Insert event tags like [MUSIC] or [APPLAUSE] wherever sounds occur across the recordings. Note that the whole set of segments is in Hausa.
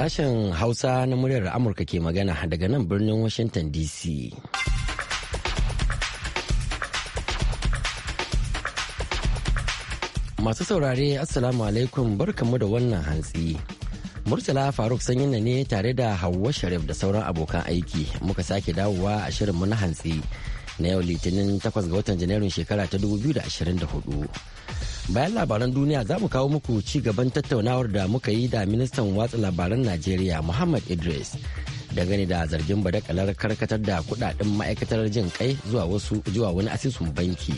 Sashen Hausa na muryar Amurka ke magana daga nan birnin Washington DC. Masu saurare Assalamu alaikum barkamu da wannan hantsi. Murtala Faruk sanyina ne tare da Hauwa Sharif da sauran abokan aiki muka sake dawowa a shirinmu na hantsi na yau Litinin 8 ga watan Janairun shekara ta 2024. bayan labaran duniya za mu kawo muku ci gaban tattaunawar da muka yi da ministan watsa labaran najeriya muhammad idris dangane da zargin badakalar karkatar da kudaden ma'aikatar jin kai zuwa wasu zuwa wani asusun banki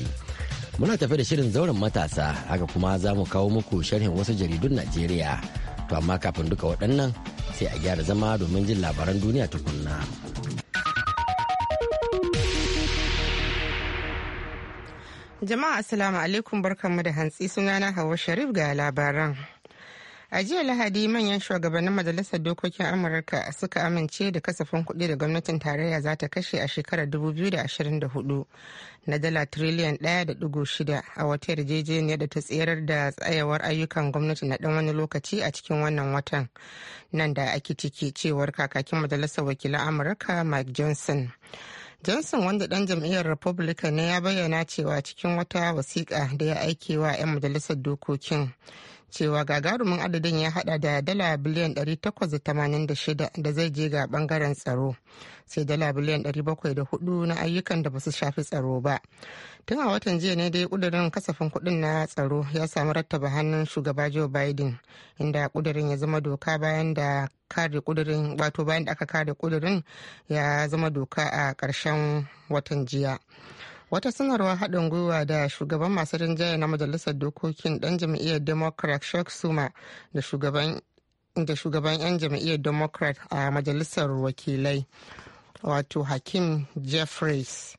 muna tafe da shirin zauren matasa haka kuma za mu kawo muku sharhin wasu jaridun najeriya to amma kafin duka waɗannan sai a gyara zama domin jin labaran duniya tukunna. Jama'a Assalamu alaikum barkanmu da hantsi sunana Hauwa Sharif ga labaran. A jiya Lahadi manyan shugabannin Majalisar Dokokin Amurka suka amince da kasafin kuɗi da gwamnatin tarayya za ta kashe a shekarar 2024 na dala triliyan shida a wata yarjejeniyar da ta tsayar da tsayawar ayyukan gwamnati na ɗan wani lokaci a cikin wannan watan nan da ake ciki cewar kakakin Majalisar Wakilan Amurka Mike Johnson. Johnson wanda ɗan jam'iyyar Republican ne ya bayyana cewa cikin wata wasiƙa da ya aike wa 'yan majalisar dokokin cewa gagarumin adadin ya hada da dala biliyan 886 da zai je ga bangaren tsaro sai dala biliyan 704 na ayyukan da ba su shafi tsaro ba tun a watan jiya ne dai kudirin kasafin kudin na tsaro ya samu rattaba hannun shugaba joe biden inda kudirin ya zama doka bayan da kare kudirin wato bayan da aka kare kudirin ya zama doka a karshen watan jiya wata sanarwar haɗin gwiwa da shugaban masu rinjaye na majalisar dokokin ɗan jam'iyyar democrat shek suma da shugaban da 'yan jam'iyyar democrat a majalisar wakilai wato hakim jeffries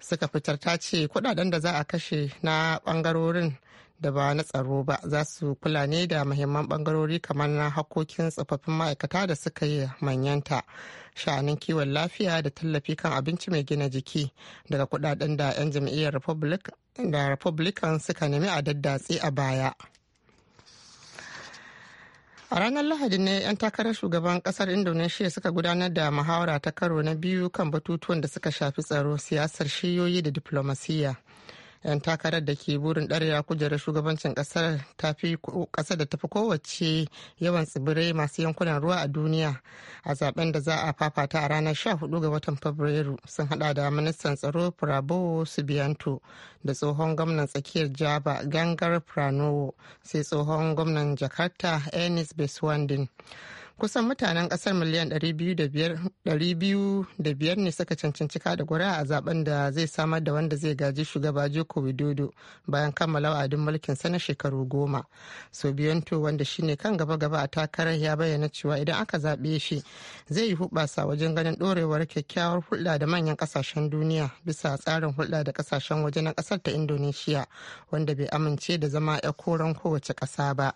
suka fitar ta ce kudaden da za a kashe na bangarorin da ba na tsaro ba za su kula ne da mahimman bangarori kamar na hakokin tsofaffin ma'aikata da suka yi manyanta sha'anin kiwon lafiya da tallafi kan abinci mai gina jiki daga kudaden da 'yan jam'iyyar republican suka nemi a daddatse a baya a ranar lahadi ne 'yan takarar shugaban kasar indonesiya suka gudanar da muhawara ta karo na biyu kan batutuwan da suka shafi tsaro siyasar shiyoyi da diplomasiya 'yan takarar da ke burin ɗarewa kujerar shugabancin ƙasar ƙasar da tafi kowace yawan tsibirai masu yankunan ruwa a duniya a zaben da za a fafata a ranar 14 ga watan fabrairu sun hada da ministan tsaro prabowo subianto da tsohon gwamnan tsakiyar java gangar pranowo sai tsohon gwamnan jakarta ennis beswandin kusan mutanen kasar miliyan 205 ne suka cancanci kada gura a zaben da zai samar da wanda zai gaji shugaba joko widodo bayan kammala wa'adin mulkin sa na shekaru goma biyanto wanda shine kan gaba-gaba a takarar ya bayyana cewa idan aka zaɓe shi zai yi hubasa wajen ganin dorewar kyakkyawar hulɗa da manyan ƙasashen duniya bisa tsarin hulɗa da ƙasashen waje na kasar ta indonesia wanda bai amince da zama ya koran kowace ƙasa ba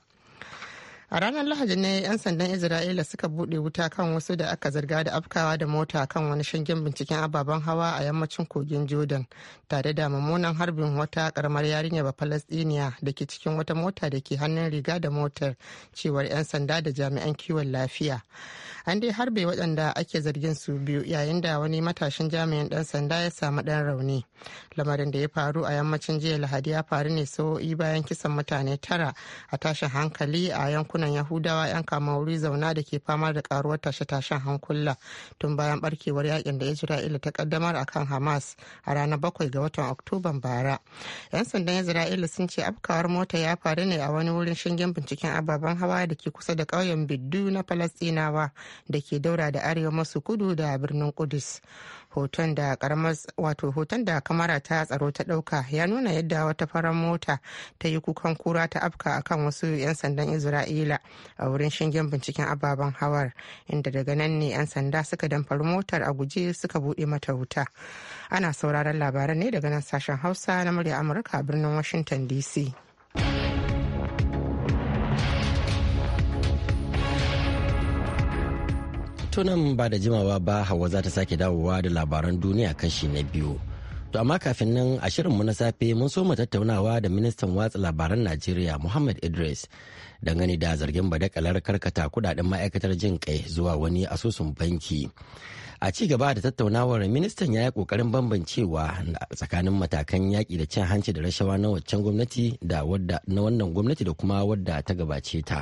a ranar lahadi ne 'yan sandan isra'ila suka buɗe wuta kan wasu da aka zarga da afkawa da mota kan wani shingen binciken ababen hawa a yammacin kogin jordan tare da mummunan harbin wata karamar yarinya ba falastiniya da ke cikin wata mota da ke hannun riga da motar cewar 'yan sanda da jami'an kiwon lafiya an dai harbe waɗanda ake zargin su biyu yayin da wani matashin jami'in ɗan sanda ya samu ɗan rauni lamarin da ya faru a yammacin jiya lahadi ya faru ne sa'o'i bayan kisan mutane tara a tashin hankali a yankunan yankunan yahudawa 'yan kamauri zauna da ke fama da karuwar tashe-tashen hankula tun bayan barkewar yakin da isra'ila ta kaddamar a kan hamas a ranar bakwai ga watan oktoban bara 'yan sandan isra'ila sun ce afkawar mota ya faru ne a wani wurin shingen binciken ababen hawa da ke kusa da ƙauyen biddu na falastinawa da ke daura da arewa masu kudu da birnin kudus hoton da karamar wato hoton da kamara ta tsaro ta dauka ya nuna yadda wata farar mota ta yi kukan kura ta afka akan wasu 'yan sandan isra'ila a wurin shingen binciken ababen hawar inda daga nan ne 'yan sanda suka damfari motar a guje suka bude mata wuta ana sauraron labaran ne daga nan sashen hausa na murya amurka a birnin washington dc nan ba da jimawa ba hawa za ta sake dawowa da labaran duniya kashi na biyu to amma kafin nan a shirinmu na safe mun so mu tattaunawa da ministan watsa labaran najeriya muhammad idris dangane da zargin badakalar karkata kudaden ma'aikatar jin kai zuwa wani asusun banki a ci gaba da tattaunawar ministan ya yi kokarin bambancewa tsakanin matakan yaƙi da cin hanci da rashawa na waccan gwamnati da wadda na wannan gwamnati da kuma wadda ta gabace ta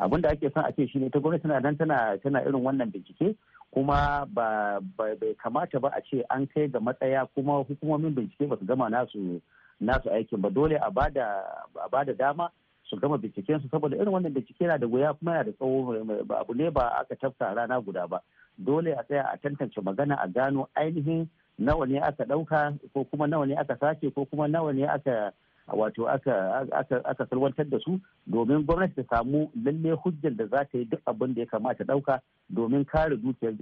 abin da ake son a ce shine ta gwamnati tana nan tana tana irin wannan bincike kuma ba bai kamata ba a ce an kai ga matsaya kuma hukumomin bincike ba su gama nasu nasu aikin ba dole a bada a bada dama su gama binciken su saboda irin wannan bincike na da wuya kuma yana da tsawo abu ne ba aka tafka rana guda ba dole a tsaya a tantance magana a gano ainihin nawa ne aka ɗauka ko kuma nawa ne aka sace ko kuma nawa ne aka wato aka salwantar da su domin gwamnati ta samu lalle hujjar da za ta yi duk abin da ya kamata ɗauka domin kare dukiyar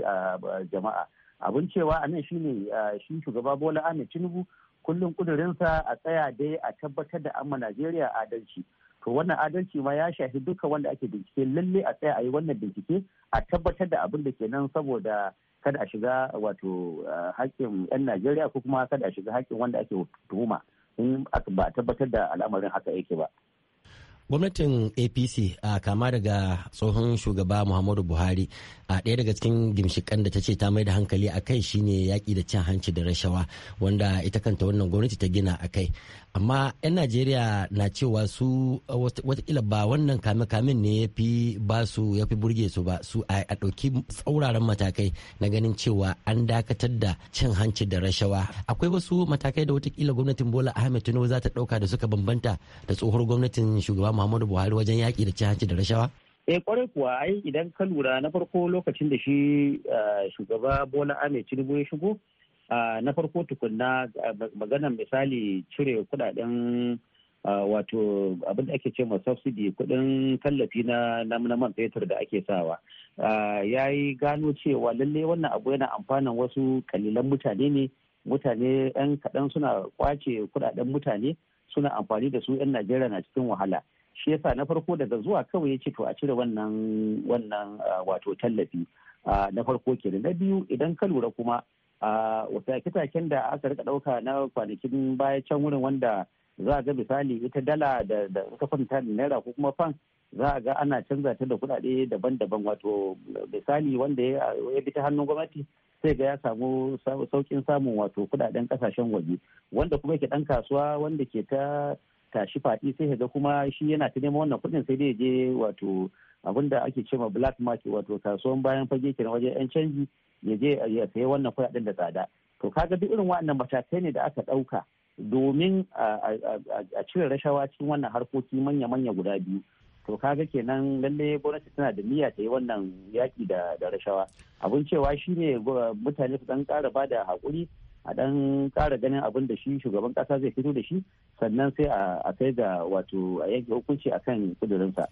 jama'a abin cewa a nan shine shi shugaba bola ahmed tinubu kullum kudurinsa a tsaya dai a tabbatar da amma najeriya adalci to wannan adalci ma ya shafi duka wanda ake bincike lalle a tsaya a yi wannan bincike a tabbatar da abin da ke nan saboda kada a shiga wato haƙƙin 'yan najeriya ko kuma kada a shiga haƙƙin wanda ake tuhuma. in ba a tabbatar da al'amarin haka yake ba gwamnatin apc a kama daga tsohon shugaba muhammadu buhari a ɗaya daga cikin gimshikan da ta ce ta mai da hankali a kai shine yaƙi da cin hanci da rashawa wanda ita kanta wannan gwamnati ta gina a kai amma 'yan najeriya na cewa su watakila ba wannan kame-kamen ne ya fi ba su ya fi burge su ba su a ɗauki tsauraran matakai na ganin cewa an dakatar da cin hanci da rashawa akwai wasu matakai da watakila gwamnatin bola ahmed tinubu za ta ɗauka da suka bambanta da tsohuwar gwamnatin shugaba Muhammadu Buhari wajen yaƙi da cin da rashawa? eh kwarai kuwa ai idan ka lura na farko lokacin da shi eh, shugaba bola Ahmed tinubu ya shigo eh, na farko tukunna eh, magana misali cire kuɗaɗen wato abin da ake ce ma subsidy kudin tallafi na na man fetur da ake sawa ya yi gano cewa lalle wannan abu yana amfanan wasu kalilan mutane ne mutane 'yan kaɗan suna kwace kuɗaɗen mutane suna amfani da su 'yan najeriya na cikin wahala shi yasa na farko daga zuwa kawai ya ce to a cire wannan wannan wato tallafi na farko kenan na biyu idan ka lura kuma wata kitaken da aka rika ɗauka na kwanakin baya can wurin wanda za a ga misali ita dala da ita kwanta da naira ko kuma fan za a ga ana canza ta da kuɗaɗe daban-daban wato misali wanda ya bi ta hannun gwamnati sai ga ya samu saukin samun wato kuɗaɗen kasashen waje wanda kuma ke ɗan kasuwa wanda ke ta tashi faɗi sai ga kuma shi yana ta neman wannan kuɗin sai dai je wato abin da ake cewa black market wato kasuwan bayan fage kenan wajen yan canji ya je ya sayi wannan kuɗaɗen da tsada to kaga duk irin waɗannan matakai ne da aka ɗauka domin a cire rashawa cikin wannan harkoki manya-manya guda biyu to kaga kenan lalle gwamnati tana da niyya ta yi wannan yaƙi da rashawa abin cewa shine mutane su dan ƙara bada da haƙuri a dan kara ganin abin da shi shugaban kasa zai fito da shi sannan sai a sai da wato a yanke hukunci kan kudurinsa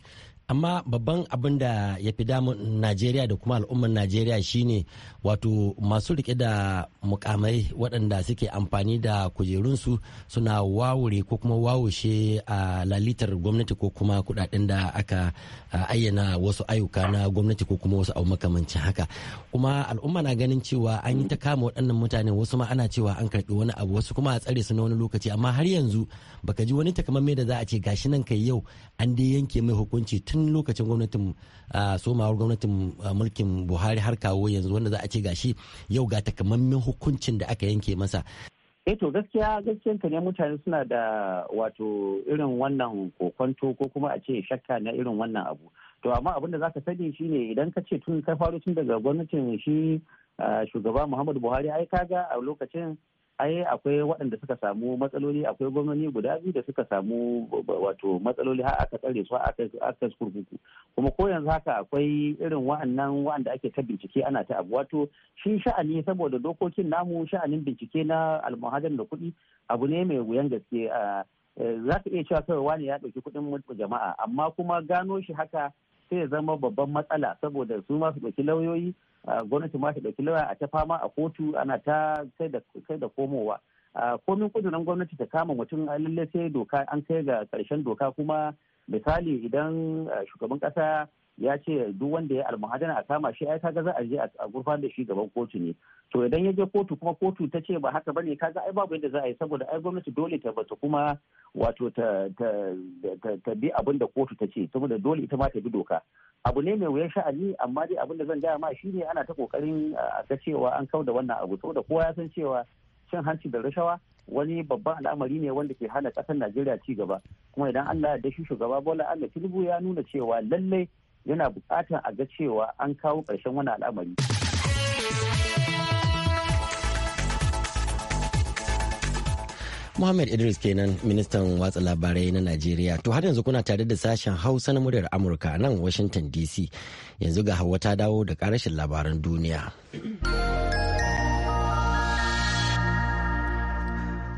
amma babban abin da ya fi damun najeriya da kuma al'ummar najeriya shine wato masu rike da mukamai waɗanda suke amfani da kujerunsu suna wawure ko kuma wawushe a lalitar gwamnati ko kuma kudaden da aka ayyana wasu ayyuka na gwamnati ko kuma wasu abu makamancin haka kuma al'umma na ganin cewa an yi ta kama waɗannan mutane wasu ma ana ana cewa an karɓi wani abu wasu kuma a tsare su na wani lokaci amma har yanzu baka ji wani takamaimai da za a ce gashi nan kai yau an dai yanke mai hukunci tun lokacin gwamnatin somawar gwamnatin mulkin buhari har kawo yanzu wanda za a ce gashi yau ga takamaiman hukuncin da aka yanke masa e to gaskiya gaskiyan ka ne mutane suna da wato irin wannan kokonto ko kuma a ce shakka na irin wannan abu to amma abin da ka sani shine idan ka ce tun ka faro tun daga gwamnatin shi shugaba muhammadu buhari ai kaga a lokacin ai akwai waɗanda suka samu matsaloli akwai gwamnoni guda biyu da suka samu wato matsaloli har aka tsare su aka kurkuku kuma ko yanzu haka akwai irin wa'annan wa'anda ake ta bincike ana ta abu wato shi sha'ani saboda dokokin namu sha'anin bincike na almuhadar da kuɗi abu ne mai wuyan gaske e, za ka iya cewa kawai wani ya ɗauki kuɗin jama'a amma kuma gano shi haka sai ya zama babban matsala saboda su ma su ɗauki lauyoyi gwamnati ma ta ɗauki lawa a ta fama a kotu ana ta kai da komowa komin kudurin gwamnati ta kama mutum lalle sai doka an kai ga karshen doka kuma misali idan shugaban ƙasa ya ce duk wanda ya almuhadana a kama shi ai kaga za a je a gurfan da shi gaban kotu ne to idan ya je kotu kuma kotu ta ce ba haka bane kaga ai babu yadda za a yi saboda ai gwamnati dole ta bata kuma wato ta ta bi abin da kotu ta ce saboda dole ita ma ta bi doka abu ne mai wuyan sha'ani amma dai abin da zan gaya ma shine ana ta kokarin a ga cewa an da wannan abu saboda kowa ya san cewa cin hanci da rashawa wani babban al'amari ne wanda ke hana ƙasar Najeriya ci gaba kuma idan Allah ya shi shugaba Bola Allah Tinubu ya nuna cewa lallai yana bukatan a ga cewa an kawo ƙarshen wani al'amari. Muhammad Idris kenan ministan watsa labarai na Najeriya. To har yanzu kuna tare da sashen Hausa na muryar Amurka nan Washington DC. Yanzu ga hawa ta dawo da karashin labaran duniya.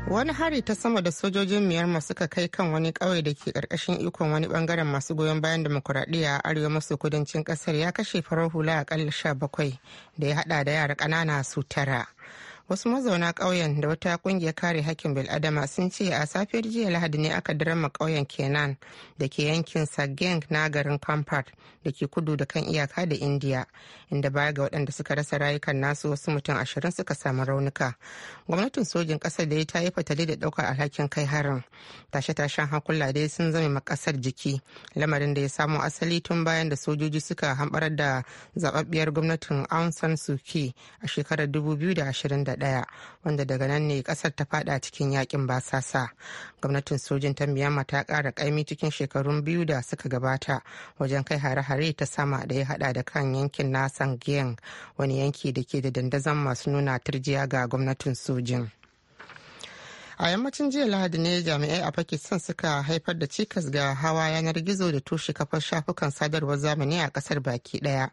wani hari ta sama da sojojin myanmar suka kai kan wani ƙauye da ke ƙarƙashin ikon wani ɓangaren masu goyon bayan demokuraɗiyya a arewa maso kudancin ƙasar ya kashe farar hula akalla sha bakwai da ya haɗa da yara ƙanana su tara wasu mazauna ƙauyen da wata ƙungiyar kare hakkin bil'adama sun ce a safiyar jiya lahadi ne aka dirama ƙauyen kenan da ke yankin sageng na garin kampat da ke kudu da kan iyaka da indiya inda baya ga waɗanda suka rasa rayukan nasu wasu mutum ashirin suka samu raunuka gwamnatin sojin ƙasar da ta yi fatali da ɗaukar alhakin kai harin tashe-tashen hankula dai sun zame ƙasar jiki lamarin da ya samo asali tun bayan da sojoji suka hambarar da zababbiyar gwamnatin aung san suu kyi a shekarar 2021 daya wanda daga nan ne kasar ta fada cikin yakin basasa gwamnatin sojin ta miyamma ta kara kaimi cikin shekarun biyu da suka gabata wajen kai hare-hare ta sama da ya hada da kan yankin Nasan sangiyang wani yanki da ke da dandazon masu nuna turjiya ga gwamnatin sojin a yammacin jiya lahadi ne jami'ai a pakistan suka haifar da cikas ga hawa yanar gizo da tushe kafar shafukan sadarwar zamani a kasar baki daya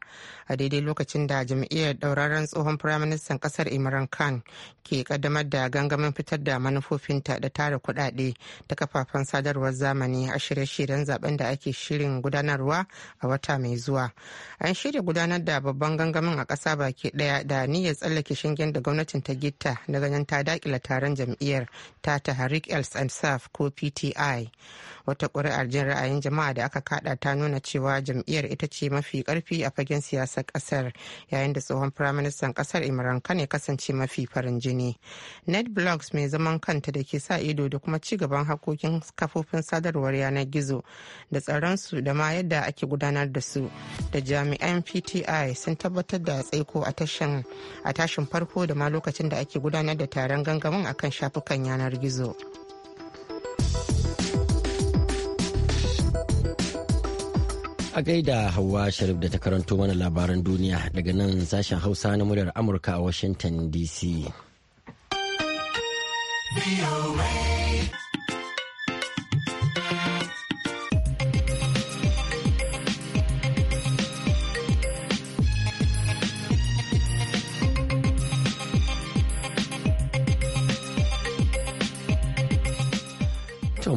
a daidai lokacin da jam'iyyar dauraren tsohon firaministan kasar imran khan ke kaddamar da gangamin fitar da manufofinta da tara kudade ta kafafen sadarwar zamani a shirye-shiryen zaben da ake shirin gudanarwa a wata mai zuwa an shirya gudanar da babban gangamin a kasa baki daya da niyyar tsallake shingen da gwamnatin ta gitta na ganin ta dakila taron jam'iyyar ta Tahrik El Ansaf ko PTI. Wata ƙuri'ar jin ra'ayin jama'a da aka kaɗa ta nuna cewa jam'iyyar ita ce mafi ƙarfi a fagen siyasar ƙasar yayin da tsohon firaministan ƙasar Imran Khan kasance mafi farin jini. Net Blogs mai zaman kanta da ke sa ido da kuma ci gaban hakokin kafofin sadarwar yanar gizo da tsaronsu da ma yadda ake gudanar da su da jami'an PTI sun tabbatar da tsaiko a tashin farko da ma lokacin da ake gudanar da taron gangamin akan shafukan yanar yanar gizo. A gaida Hauwa Sharif da ta karanto mana labaran duniya daga nan sashen Hausa na muryar Amurka a Washington DC.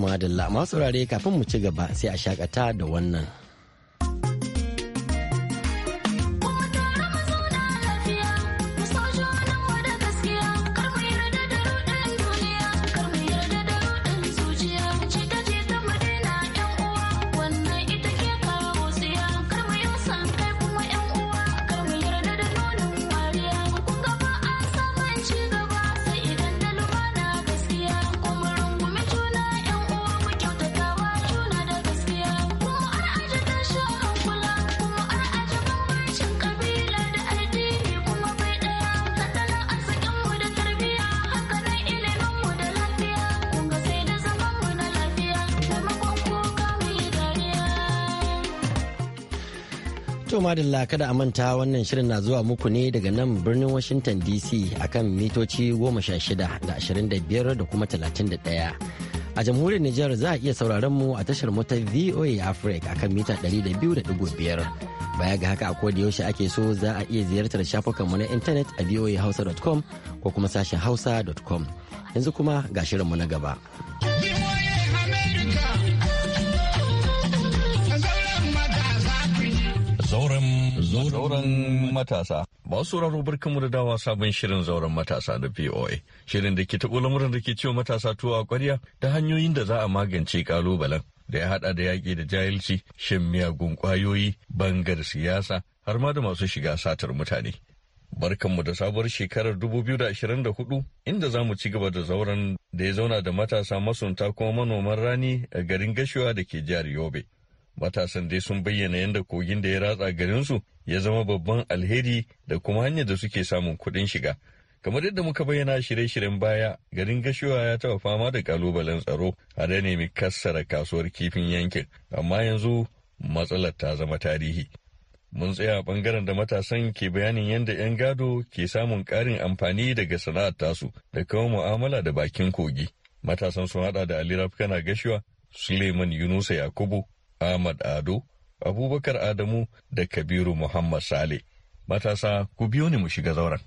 madalla masu rare kafin mu ci gaba sai a shakata da wannan. To madalla kada a manta wannan shirin na zuwa muku ne daga nan birnin Washington DC akan mitoci 16 da 25 da kuma 31. A jamhuriyar Nijar za a iya sauraron mu a tashar mu ta VOA Africa akan mita 200.5. Baya ga haka a da yaushe ake so za a iya ziyartar shafukanmu na intanet a voahausa.com ko kuma sashen hausa.com. Yanzu kuma ga shirinmu na gaba. Zauren matasa. Ba sauraro barkanmu da dawa sabon shirin zauren matasa da poa Shirin da ke taɓo lamuran da ke cewa matasa tuwa a ƙwarya da hanyoyin da za a magance ƙalubalen da ya haɗa da yaƙi da jahilci, shan miyagun ƙwayoyi, bangar siyasa, har ma da masu shiga satar mutane. Barkanmu da sabuwar shekarar da 2024 inda za mu ci gaba da zauren da ya zauna da matasa masunta kuma manoman rani a garin gashewa da ke jihar Yobe. Matasan dai sun bayyana yadda kogin da ya ratsa garinsu ya zama babban alheri da kuma hanyar da suke samun kuɗin shiga. Kamar yadda muka bayyana shirye-shiryen baya, garin gashiwa ya taɓa fama da ƙalubalen tsaro a ya nemi kassara kasuwar kifin yankin, amma yanzu matsalar ta zama tarihi. Mun tsaya a bangaren da matasan ke bayanin yadda 'yan gado ke samun ƙarin amfani daga sana'ar tasu da kawo mu'amala da bakin kogi. Matasan sun haɗa da Ali Rafkana Gashuwa, Suleiman Yunusa Yakubu, Ahmad Ado, Abubakar Adamu da Kabiru Muhammad Sale. Matasa, ku biyo ni mu shiga zauren.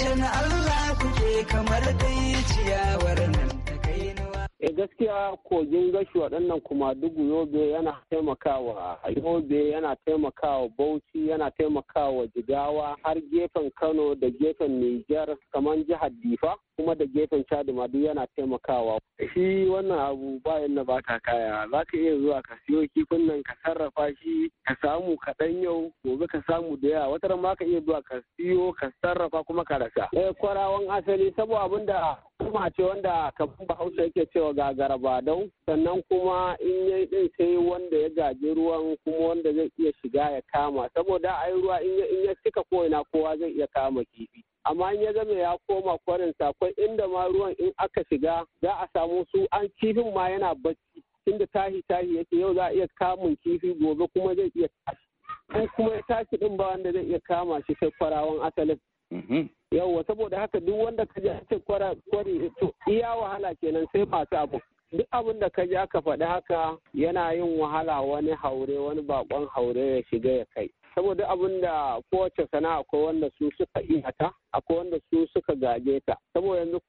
Shana Allah kuke kamar dai ciyawar nan ta kai nawa. Eh, gaskiya kogin gashi waɗannan kuma dugu yobe yana taimakawa yobe yana taimakawa bauchi yana taimakawa jigawa har gefen kano da gefen niger kamar jihar difa kuma da gefen chad duk yana taimakawa shi wannan abu bayan na baka kaya za ka iya zuwa ka siyo kifin nan ka sarrafa shi ka samu kaɗan yau gobe ka samu da yawa wata ma ka iya zuwa ka siyo ka sarrafa kuma ka rasa eh, kwarawan asali saboda abin da kuma ce wanda kafin bahaushe yake cewa gagara ba dau sannan kuma in yi ɗin sai wanda ya gaji ruwan kuma wanda zai iya shiga ya kama saboda ai ruwa in ya cika ko ina kowa zai iya kama kifi amma in ya zama ya koma kwarin akwai inda ma ruwan in aka shiga za a samu su an kifin ma yana bacci inda tahi tahi yake yau za a iya kamun kifi gobe kuma zai iya tashi in kuma ya tashi din ba wanda zai iya kama shi sai kwarawan asalin mm-hmm. yauwa saboda haka duk wanda ka ji ake kwari to iya wahala kenan sai masu abu duk abin da ka ji aka faɗi haka yana yin wahala wani haure wani bakon haure ya shiga ya kai saboda abin da kowace sana'a ko wanda su suka iya ta akwai wanda su suka gaje ta saboda yanzu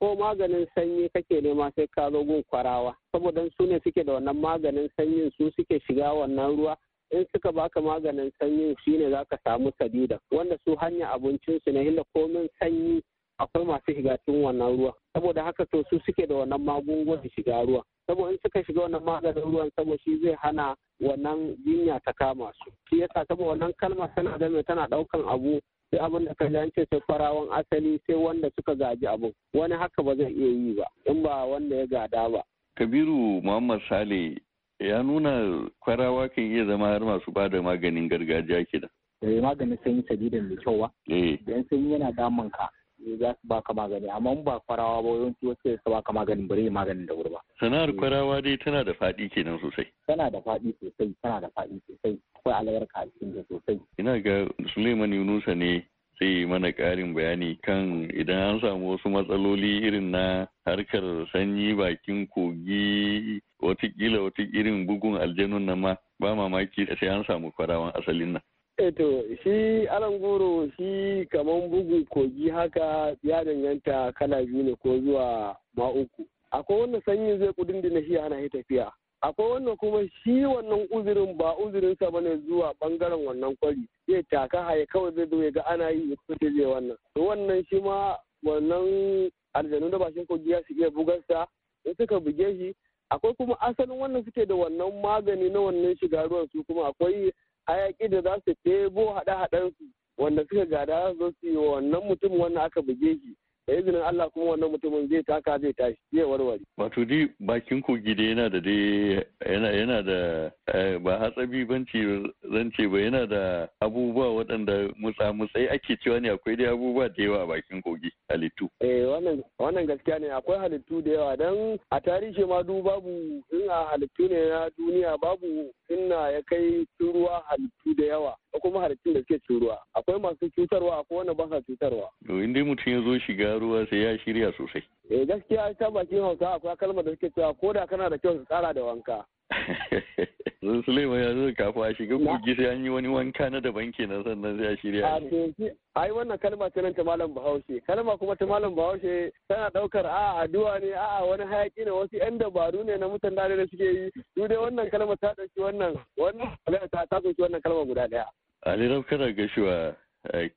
ko maganin sanyi kake nema sai ka zo gun kwarawa saboda su ne suke da wannan maganin sanyin su suke shiga wannan ruwa in suka baka maganin sanyin za ka samu sadida wanda su hanya abincinsu na hila komin sanyi akwai masu shiga cikin wannan ruwa saboda haka to su suke da wannan magungunan shiga ruwa sabo in suka shiga wannan maganin ruwan saboda shi zai hana wannan jinya ta kama su shi yasa saboda wannan kalma tana da mai tana daukan abu sai abin da kaji ce sai farawan asali sai wanda suka gaji abu wani haka ba zai iya yi ba in ba wanda ya gada ba kabiru muhammad sale ya nuna kwarawa kan iya zama har masu ba da maganin gargajiya kenan eh maganin sanyi sabida mai kyau ba eh dan sanyi yana damun ka za su baka magani amma ba kwarawa ba yawanci wasu sai su baka maganin bare maganin da wuri ba sana'ar kwarawa dai tana da faɗi kenan sosai tana da faɗi sosai tana da faɗi sosai akwai albarka a cikin sosai ina ga Suleiman Yunusa ne sai mana ƙarin bayani kan idan an samu wasu matsaloli irin na harkar sanyi bakin kogi watakila wata irin bugun aljanun nan ma ba mamaki sai an samu kwarawan asalin nan Eto eh, shi alan goro shi kaman bugun kogi haka ya danganta kala biyu ne ko zuwa ma uku. Akwai wannan sanyin zai kudin da shi ana tafiya. Akwai wannan kuma shi wannan uzurin ba uzurin ba ne zuwa bangaren wannan kwari. Zai taka haye kawai zai zo ga ana yi ta zai wannan. To wannan shi ma wannan aljanu da bashin kogi ya su iya bugarsa in suka buge shi akwai kuma asalin wannan suke da wannan magani na wannan shiga ruwan su kuma akwai hayaki da za su tebo haɗe-haɗensu wanda suka gada za su yi wa wannan mutum wannan aka buge shi da izinin Allah kuma wannan mutumin zai taka zai tashi zai warware. Wato dai bakin kogi da yana da dai yana da eh, ba hatsabi banci zance ba yana da abubuwa waɗanda mutsa mutsai ake cewa ne akwai dai abubuwa da yawa a bakin kogi halittu. Eh wannan gaskiya ne akwai halittu da yawa don a tarihi ma du babu in a halittu ne na duniya babu inna ya kai ruwa halittu da yawa da kuma halittun da suke cikin ruwa akwai masu cutarwa akwai wanda ba sa cutarwa to in dai mutum ya zo shiga ruwa sai ya shirya sosai eh gaskiya ta bakin hausa akwai kalmar da suke cewa ko da kana da kyau ka tsara da wanka [LAUGHS] Suleiman ya zo kafa a shiga kogi sai an yi wani wanka na daban kenan sannan sai a shirya. A to ai wannan kalma ce nan ta malam Bahaushe kalma kuma ta malam Bahaushe tana daukar a addu'a ne a wani hayaki ne wasu yan dabaru ne na mutan da da suke yi su dai wannan kalma ta dauki wannan wannan ta dauki wannan kalma guda daya. Ali Rauf gashuwa.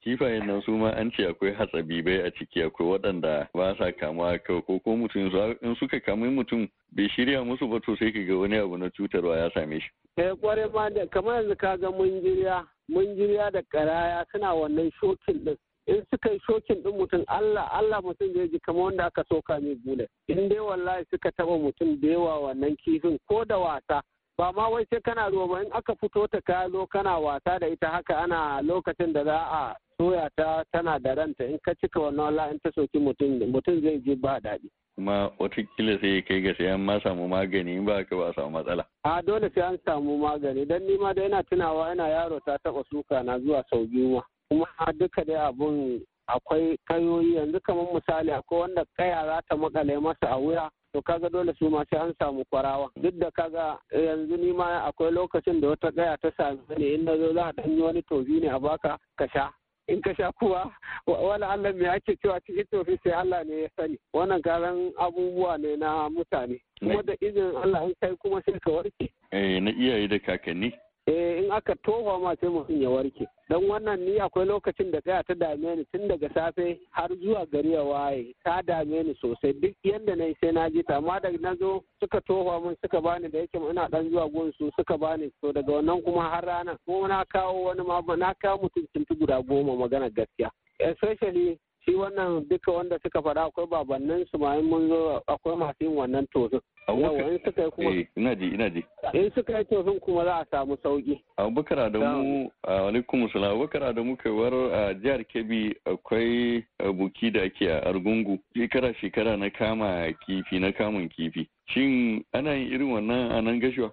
kifayen nan su ma an ce akwai hatsabibai a ciki akwai waɗanda ba sa kama ko ko mutum in suka kami mutum bai shirya musu ba to sai ka ga wani abu na cutarwa ya same shi. Eh kware ma da kamar yanzu ka ga mun jirya mun jirya da karaya suna wannan shokin ɗin in suka yi shokin din mutum Allah Allah mutum zai ji kamar wanda aka soka mai bule in dai wallahi suka taba mutum da yawa wannan kifin ko da wasa ba ma wai sai kana ruwa ba in aka fito ta ka zo kana wasa da ita haka ana lokacin da za a soya ta tana da ranta in ka cika wannan wala in ta soki mutum mutum zai ji ba daɗi. kuma watakila sai kai ga sai an ma samu magani in ba ka ba samu matsala. a dole sai an samu magani don nima da yana tunawa yana yaro ta taɓa suka na zuwa sau biyu ma kuma duka dai abun akwai kayoyi yanzu kamar misali akwai wanda kaya za ta makale masa a wuya to kaga dole su ma sai an samu kwarawa duk da kaga eh, yanzu ni ma akwai lokacin da wata gaya ta sami ne in zo za a danyi wani tozi ne a baka ka sha in ka sha kuwa wani Allah me ake cewa cikin tofi sai Allah ne ya sani wannan karan abubuwa ne na mutane kuma da izinin Allah in kai kuma sai ka warke eh, na iyaye da kakanni eh in aka tofa ma sai mutum ya warke don wannan ni akwai lokacin da tsaya ta dame ni tun daga safe har zuwa gari ya waye ta dame ni sosai duk yadda na yi sai na ji ta amma daga na zo suka tofa min suka bani da yake ina dan zuwa su suka bani to daga wannan kuma har rana ko na kawo wani ma na kawo mutum cinti guda goma magana gaskiya especially shi wannan duka wanda suka faɗa akwai babannin su ma mun zo akwai masu yin wannan tosin. yawa in suka yi kuma eh, ina ji ina ji in suka yi tozin kuma za a samu sauki abubakar adamu alaikum salam abubakar adamu kaiwar a jihar kebbi akwai buki da ake a argungu shekara shekara na kama kifi na kamun kifi shin ana yin irin wannan a nan gashuwa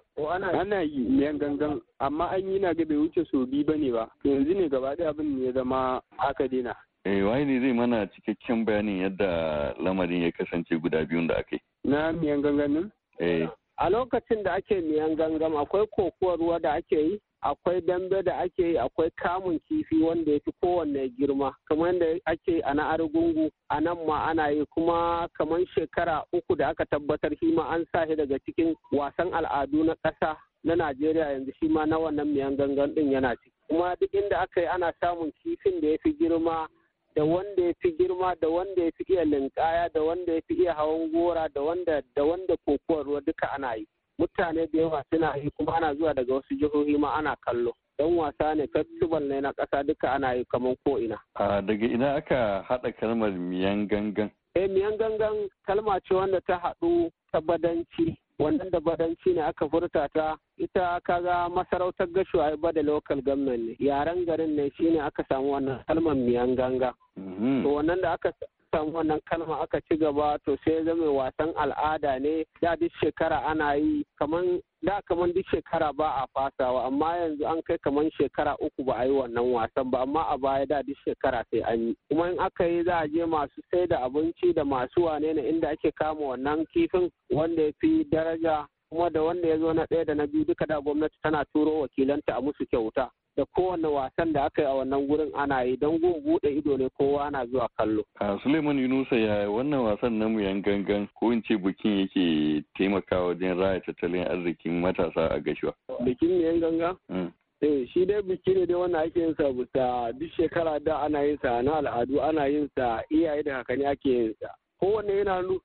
ana yi miyan gangan amma an yi na ga bai wuce so biyu bane ba yanzu ne gaba ɗaya abin ne ya zama aka dina e ne zai mana cikakken bayanin yadda lamarin ya kasance guda biyun da aka yi. Na miyan ganganin. Eh. A lokacin da ake miyan gangam akwai kokuwar ruwa da ake yi, akwai dambe da ake yi, akwai kamun kifi wanda ya fi kowanne girma, kamar yadda ake yi a na argungu, a nan ma ana yi kuma kamar shekara uku da aka tabbatar shi ma an sa shi daga cikin wasan al'adu na ƙasa na Najeriya yanzu shi ma na wannan miyan gangan din yana ciki. Kuma duk inda aka yi ana samun kifin da ya fi girma da wanda ya fi girma da wanda ya fi iya linkaya da wanda ya fi iya hawan gora da wanda da wanda kokowar ruwa duka ana yi mutane da yawa suna yi kuma ana zuwa daga wasu jihohi ma ana kallo don wasa ne festival ne na ƙasa duka ana yi kamar ko ina a daga ina aka haɗa kalmar miyan gangan eh miyan gangan kalma ce wanda ta haɗu ta badanci wannan da badanci ne aka furta ta ita kaga masarautar a ba da local government ne yaren garin ne shine aka samu wannan kalmar miyan ganga mhm. to wannan da aka samu wannan kalma aka ci gaba to sai ya zama wasan al'ada ne da duk shekara ana yi kaman da kaman duk shekara ba a fasawa amma yanzu an kai kaman shekara uku ba a yi wannan wasan ba amma a baya da duk shekara sai an yi kuma in aka yi za a je masu sai da abinci da masu wane ne inda ake kama wannan kifin wanda ya fi daraja kuma da wanda ya zo na ɗaya da na biyu duka da gwamnati tana turo wakilanta a musu kyauta da kowane wasan da aka yi a wannan gurin ana yi don gun bude ido ne kowa ana zuwa kallo. A Suleiman Yunusa ya wannan wasan na muyan gangan ko in ce bikin yake taimakawa wajen raya tattalin arzikin matasa a gashuwa. Bikin muyan ganga? Hmm. Eh shi dai biki ne dai wannan ake yin sa bisa duk shekara da ana yin sa na al'adu ana yin sa iyaye da kakanni ake yin sa. kowanne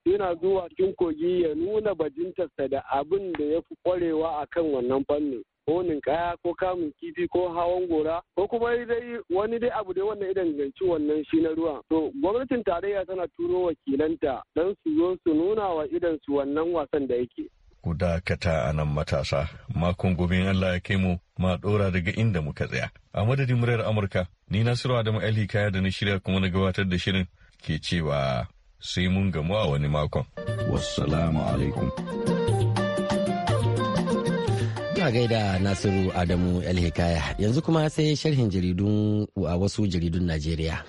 yana zuwa cikin kogi ya nuna bajintarsa da abin da ya fi kwarewa a kan wannan fannin ko ninkaya ko kamun kifi ko hawan gora ko kuma dai wani dai abu dai wannan idan ganci wannan shi na ruwa. to gwamnatin tarayya tana turo wakilanta don su zo su nuna wa idan su wannan wasan da yake ku dakata a nan matasa makon gobe Allah ya kai mu ma dora daga inda muka tsaya a madadin muryar Amurka ni Nasiru Adamu Ali kaya da na shirya kuma na gabatar da shirin ke cewa sai mun gamu a wani makon wassalamu alaikum a gaida Nasiru Adamu Hikaya yanzu kuma sai sharhin jaridun a wasu jaridun Najeriya.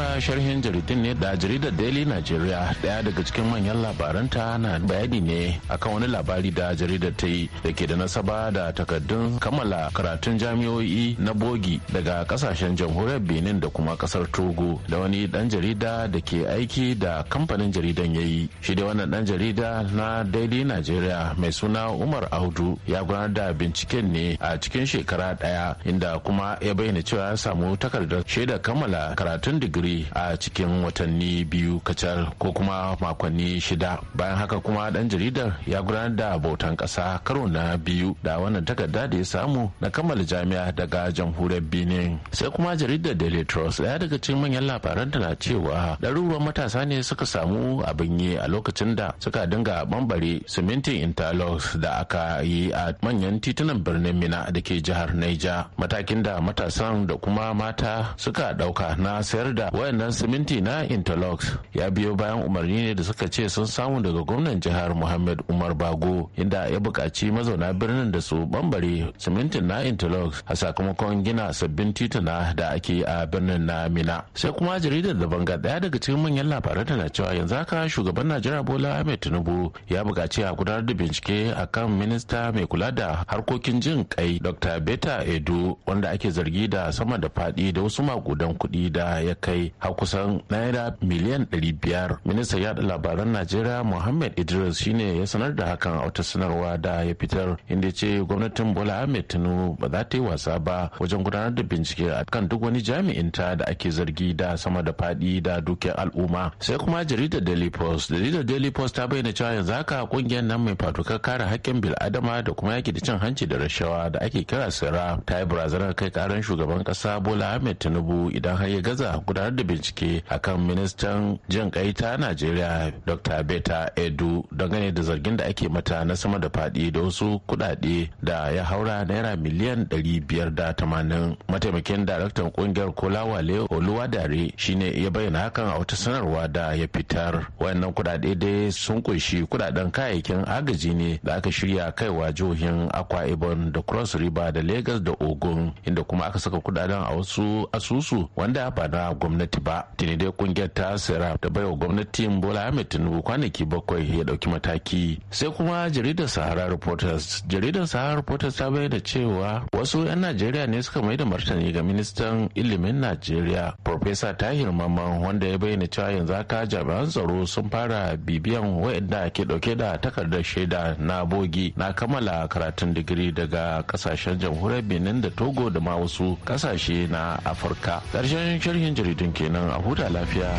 fara sharhin jaridun ne da jaridar Daily Nigeria daya daga cikin manyan labaranta na bayani ne akan wani labari da jaridar ta yi da ke da nasaba da takardun kammala karatun jami'o'i na bogi daga kasashen jamhuriyar Benin da kuma kasar Togo da wani dan jarida da ke aiki da kamfanin jaridan ya yi. Shi da wannan dan jarida na Daily Nigeria mai suna Umar Audu ya gudanar da binciken ne a cikin shekara daya inda kuma ya bayyana cewa ya samu takardar shaidar kammala karatun digiri a cikin watanni biyu kacal ko kuma makonni shida bayan haka kuma dan jaridar ya gudanar da bautan kasa karo na biyu da wannan takarda da ya samu na kammala jami'a daga jamhuriyar benin sai kuma jaridar daily trust daya daga cikin manyan labaran da na cewa ɗaruruwan matasa ne suka samu abin yi a lokacin da suka dinga bambare simintin interlocks da aka yi a manyan titunan birnin mina da ke jihar niger matakin da matasan da kuma mata suka ɗauka na sayar da wayannan siminti na interlocks ya biyo bayan umarni ne da suka ce sun samu daga gwamnan jihar muhammad umar bago inda ya buƙaci mazauna birnin da su bambare simintin na interlocks a sakamakon gina sabbin tituna da ake a birnin na mina sai kuma jaridar da banga ɗaya daga cikin manyan labaran tana cewa yanzu haka shugaban najeriya bola ahmed tinubu ya buƙaci a gudanar da bincike akan minista mai kula da harkokin jin kai dr beta Edo. wanda ake zargi da sama da faɗi da wasu makudan kuɗi da ya kai kai har kusan naira miliyan 500 ministan yada labaran najeriya muhammad idris shine ya sanar da hakan a wata sanarwa da ya fitar inda ya ce gwamnatin bola ahmed tinubu ba za ta yi wasa ba wajen gudanar da bincike a kan duk wani jami'in ta da ake zargi da sama da fadi da dukiyar al'umma sai kuma jaridar daily post jaridar daily post ta bayyana cewa yanzu haka kungiyar nan mai fatukar kare hakkin bil'adama da kuma yaki da cin hanci da rashawa da ake kira sira ta yi barazanar kai karan shugaban kasa bola ahmed tinubu idan har ya gaza gudanar gudanar da bincike akan ministan jin kai ta najeriya dr beta edu dangane da zargin da ake mata na sama da faɗi da wasu kuɗaɗe da ya haura naira miliyan 580 mataimakin daraktan kungiyar kolawale oluwadare shine ya bayyana hakan a wata sanarwa da ya fitar wayannan kuɗaɗe dai sun kunshi kuɗaɗen kayayyakin agaji ne da aka shirya kaiwa jihohin akwa ibom da cross river da lagos da ogun inda kuma aka saka kudaden a wasu asusu wanda ba na gwamnati gwamnati ba tuni dai kungiyar ta sira da baiwa gwamnatin bola ahmed tinubu kwanaki bakwai ya dauki mataki sai kuma jaridar sahara reporters jaridar sahara reporters ta bayyana cewa wasu 'yan najeriya ne suka mai da martani ga ministan ilimin najeriya profesa tahir mamman wanda ya bayyana cewa yanzu haka jami'an tsaro sun fara bibiyan wayanda ke dauke da takardar shaida na bogi na kammala karatun digiri daga kasashen jamhuriyar benin da togo da ma wasu kasashe na afirka ƙarshen sharhin jaridun shirin kenan a huta lafiya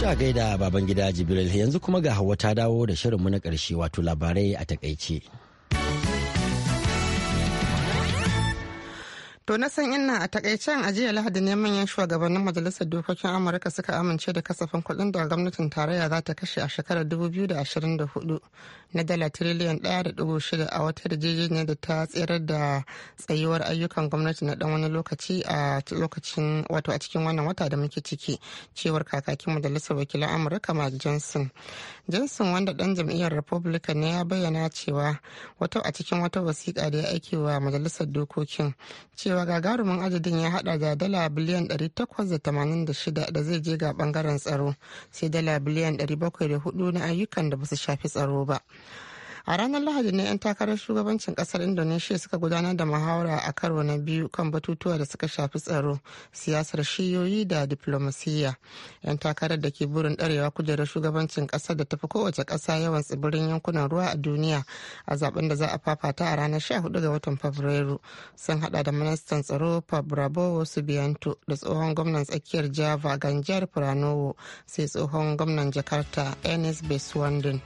ta gaida baban gida jibril yanzu kuma ga hawa ta dawo da shirinmu na karshe wato labarai a takaice To na san ina a takaicen a jiya Lahadi ne manyan shugabannin Majalisar Dokokin Amurka suka amince da kasafin kuɗin da gwamnatin tarayya za ta kashe a shekarar 2024 na dala tiriliyan 1.6 a wata yarjejeniyar da ta tserar da tsayuwar ayyukan gwamnati na dan wani lokaci a lokacin wato a cikin wannan wata da muke ciki cewar kakakin majalisar wakilan amurka mark johnson johnson wanda dan jam'iyyar republican ne ya bayyana cewa wata a cikin wata wasiƙa da ya aiki wa majalisar dokokin cewa gagarumin adadin ya hada da dala biliyan 886 da zai je ga bangaren tsaro sai dala biliyan 704 na ayyukan da ba su shafi tsaro ba a ranar lahadi ne 'yan takarar shugabancin kasar indonesia suka gudanar da muhawara a karo na biyu kan batutuwa da suka shafi tsaro siyasar shiyoyi da diplomasiyya 'yan takarar da ke burin darewa kujerar shugabancin kasar da tafi kowace ƙasa yawan tsibirin yankunan ruwa a duniya a zaben da za a fafata a ranar 14 ga watan fabrairu sun hada da ministan tsaro pabrabo subianto da tsohon gwamnan tsakiyar java ganjar pranowo sai tsohon gwamnan jakarta enes beswandin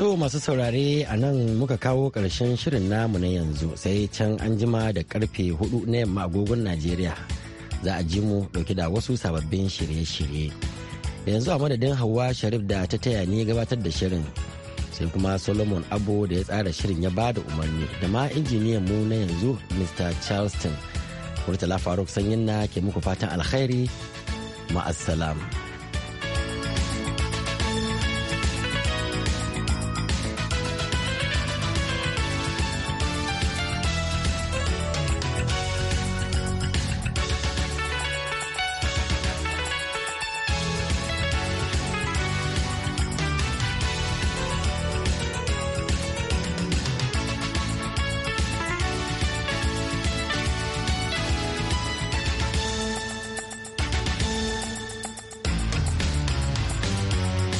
To masu saurare a nan muka kawo ƙarshen shirin namu na yanzu sai can an jima da karfe hudu na yamma agogon Najeriya za a ji mu dauki da wasu sababbin shirye-shirye. yanzu a madadin Hauwa Sharif da ta taya ni gabatar da shirin sai kuma Solomon Abo da ya tsara shirin ya ba da umarni da ma injiniyan mu na yanzu Mr. Charleston. Murtala Faruk Sanyin na ke muku fatan alkhairi ma'assalam.